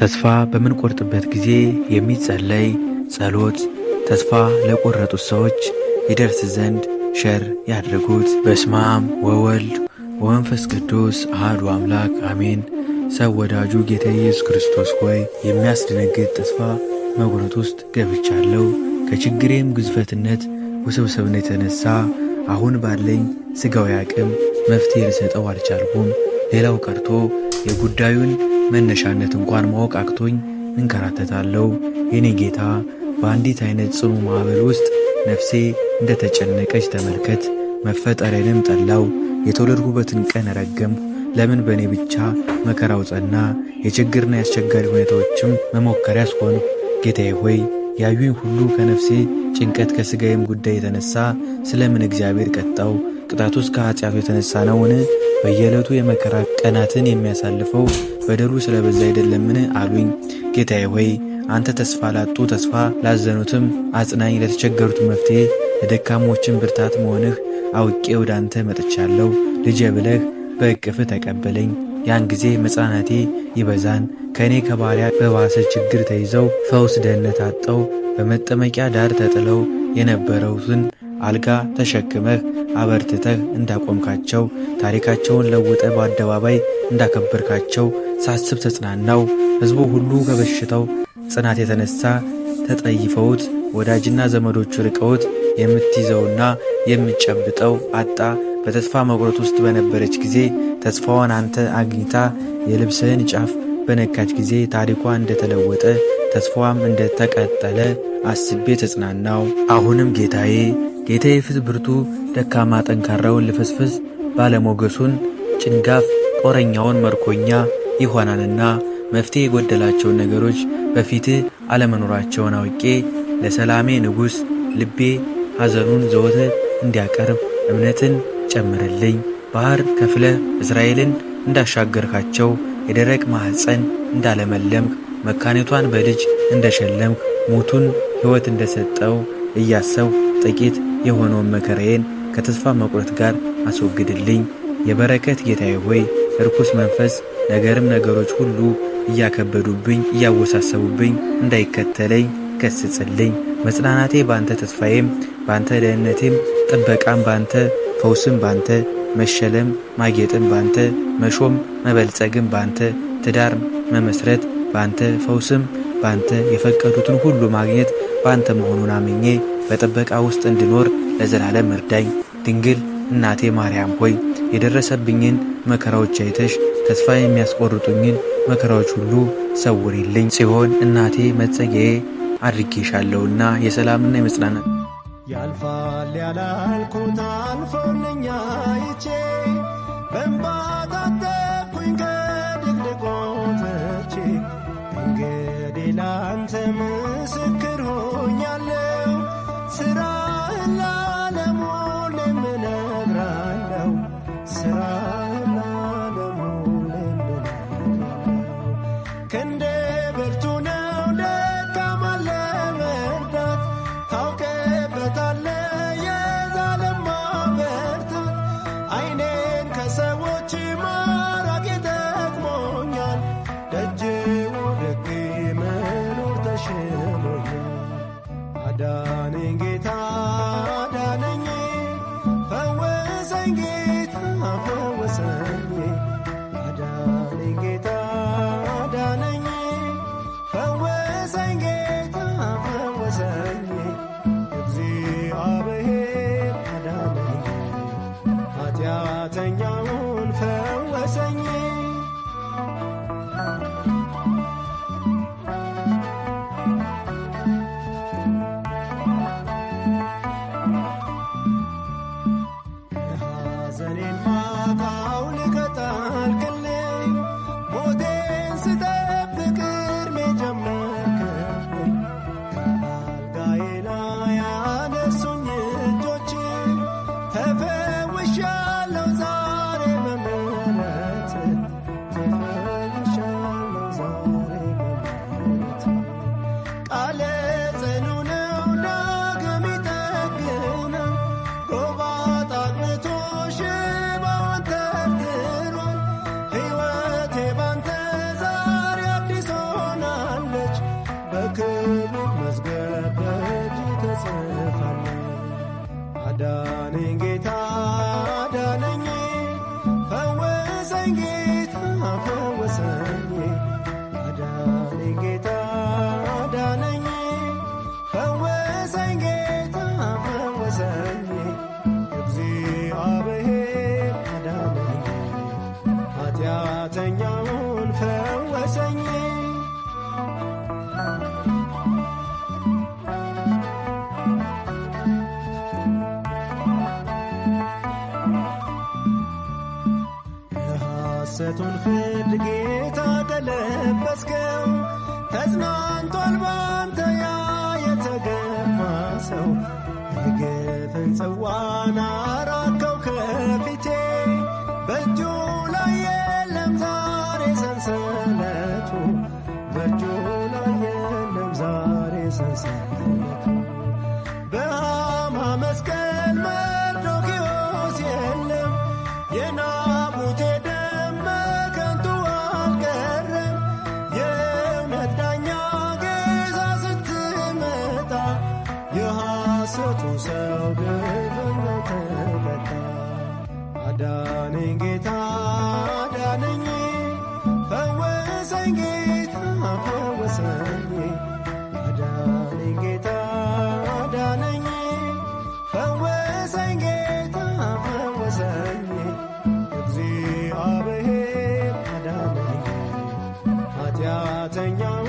ተስፋ በምንቆርጥበት ጊዜ የሚጸለይ ጸሎት ተስፋ ለቆረጡት ሰዎች ይደርስ ዘንድ ሸር ያድርጉት። በስመ አብ ወወልድ ወመንፈስ ቅዱስ አህዱ አምላክ አሜን። ሰው ወዳጁ ጌታ ኢየሱስ ክርስቶስ ሆይ የሚያስደነግጥ ተስፋ መቁረጥ ውስጥ ገብቻለሁ። ከችግሬም ግዝፈትነት ውስብስብነት የተነሳ አሁን ባለኝ ሥጋዊ አቅም መፍትሄ ልሰጠው አልቻልኩም። ሌላው ቀርቶ የጉዳዩን መነሻነት እንኳን ማወቅ አቅቶኝ እንከራተታለሁ። የኔ ጌታ በአንዲት አይነት ጽኑ ማዕበል ውስጥ ነፍሴ እንደ ተጨነቀች ተመልከት። መፈጠሬንም ጠላው፣ የተወለድኩበትን ቀን ረገምሁ። ለምን በእኔ ብቻ መከራው ጸና? የችግርና የአስቸጋሪ ሁኔታዎችም መሞከሪያ ያስሆኑ ጌታዬ ሆይ ያዩኝ ሁሉ ከነፍሴ ጭንቀት ከሥጋዬም ጉዳይ የተነሳ ምን እግዚአብሔር ቀጣው? እስከ ከኃጢአቱ የተነሳ ነውን? በየዕለቱ የመከራ ቀናትን የሚያሳልፈው በደሉ ስለበዛ አይደለምን? አሉኝ። ጌታዬ ሆይ አንተ ተስፋ ላጡ ተስፋ ላዘኑትም አጽናኝ፣ ለተቸገሩት መፍትሄ ለደካሞችን ብርታት መሆንህ አውቄ ወደ አንተ መጥቻለሁ። ልጄ ብለህ በእቅፍ ተቀበለኝ። ያን ጊዜ መጽናናቴ ይበዛን፣ ከእኔ ከባሪያ በባሰ ችግር ተይዘው ፈውስ ደህንነት አጠው በመጠመቂያ ዳር ተጥለው የነበረውትን አልጋ ተሸክመህ አበርትተህ እንዳቆምካቸው ታሪካቸውን ለውጠ በአደባባይ እንዳከበርካቸው ሳስብ ተጽናናው። ሕዝቡ ሁሉ ከበሽታው ጽናት የተነሳ ተጠይፈውት ወዳጅና ዘመዶቹ ርቀውት የምትይዘውና የምትጨብጠው አጣ። በተስፋ መቁረጥ ውስጥ በነበረች ጊዜ ተስፋዋን አንተ አግኝታ የልብስህን ጫፍ በነካች ጊዜ ታሪኳ እንደተለወጠ ተስፋዋም እንደተቀጠለ አስቤ ተጽናናው። አሁንም ጌታዬ ጌታ የፍት ብርቱ ደካማ ጠንካራውን ልፍስፍስ ባለሞገሱን ጭንጋፍ ጦረኛውን መርኮኛ ይሆናልና መፍትሄ የጎደላቸውን ነገሮች በፊትህ አለመኖራቸውን አውቄ ለሰላሜ ንጉሥ ልቤ ሐዘኑን ዘወትር እንዲያቀርብ እምነትን ጨምርልኝ። ባህር ከፍለ እስራኤልን እንዳሻገርካቸው የደረቅ ማኅፀን እንዳለመለምክ መካኔቷን በልጅ እንደሸለምክ ሙቱን ሕይወት እንደሰጠው እያሰብ ጥቂት የሆነውን መከራዬን ከተስፋ መቁረጥ ጋር አስወግድልኝ። የበረከት ጌታዬ ሆይ እርኩስ መንፈስ ነገርም ነገሮች ሁሉ እያከበዱብኝ እያወሳሰቡብኝ እንዳይከተለኝ ገስጽልኝ። መጽናናቴ ባንተ፣ ተስፋዬም ባንተ፣ ደህንነቴም ጥበቃም ባንተ፣ ፈውስም ባንተ፣ መሸለም ማጌጥም ባንተ፣ መሾም መበልጸግም ባንተ፣ ትዳር መመስረት ባንተ፣ ፈውስም ባንተ፣ የፈቀዱትን ሁሉ ማግኘት ባንተ መሆኑን አምኜ በጥበቃ ውስጥ እንድኖር ለዘላለም እርዳኝ። ድንግል እናቴ ማርያም ሆይ የደረሰብኝን መከራዎች አይተሽ ተስፋ የሚያስቆርጡኝን መከራዎች ሁሉ ሰውሪልኝ። ሲሆን እናቴ መጸጊያዬ አድርጌሻለሁና የሰላምና የመጽናናት ያልፋል ያላልኩት አልፎ singing. የሐሰቱ ሰው ድፍኖ ተመታ። አዳነኝ ጌታ አዳነኝ፣ ፈወሰኝ ጌታ ፈወሰኝ። አዳነኝ ጌታ አዳነኝ፣ ፈወሰኝ ጌታ ፈወሰኝ። እግዚአብሔር አዳነኝ